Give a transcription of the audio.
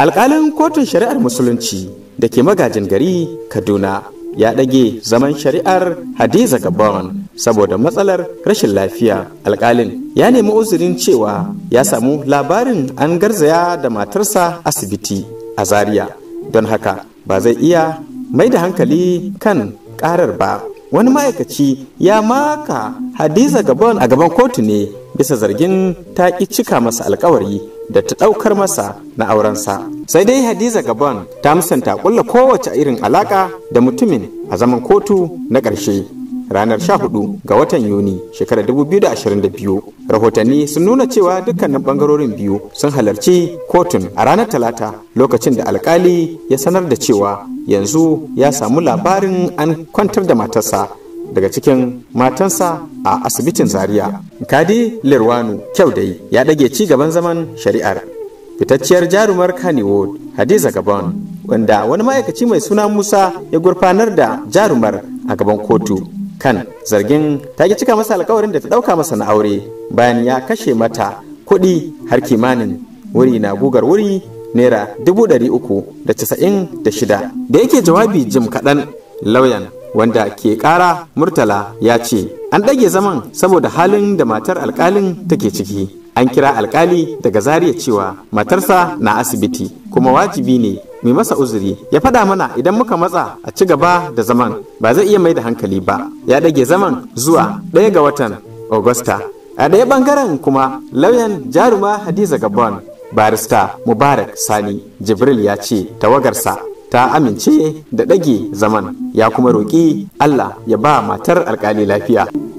alƙalin kotun shari'ar musulunci da ke magajin gari kaduna ya ɗage zaman shari'ar hadiza gabon saboda matsalar rashin lafiya alƙalin ya nemi uzurin cewa ya samu labarin an garzaya da matarsa asibiti a zaria don haka ba zai iya mai da hankali kan ƙarar ba wani ma'aikaci ya maka hadiza gabon a gaban kotu ne bisa zargin ta ƙi cika masa alkawari da ta ɗaukar masa na aurensa. Sai dai Hadiza Gabon ta musanta kulla kowace irin alaƙa da mutumin a zaman kotu na ƙarshe. ranar 14 ga watan Yuni shekarar 2022. Rahotanni sun nuna cewa dukkanin bangarorin biyu sun halarci kotun a ranar Talata lokacin da alkali ya sanar da cewa yanzu ya samu labarin an kwantar da matarsa daga cikin matansa a asibitin zaria kadi lirwanu kyau dai ya ɗage ci gaban zaman shari'ar fitacciyar jarumar kannywood hadiza gabon wanda wani ma'aikaci mai suna musa ya gurfanar da jarumar a gaban kotu kan zargin ta ki cika masa alkawarin da ta ɗauka masa na aure bayan ya kashe mata kuɗi har kimanin wuri na gugar wuri naira dubu ɗari uku da casa'in da shida da yake jawabi jim kaɗan lauyan wanda ke kara murtala ya ce an ɗage zaman saboda halin da matar alkalin take ciki an kira alkali daga zariya cewa matarsa na asibiti kuma wajibi ne mai masa uzuri ya faɗa mana idan muka matsa a ci gaba da zaman ba zai iya mai da hankali ba ya ɗage zaman zuwa ɗaya ga watan augusta a ɗaya ɓangaren kuma lauyan jaruma hadiza gabon barista mubarak sani jibril ya ce tawagarsa ta amince da ɗage zaman ya kuma roƙi Allah ya ba matar alƙali lafiya.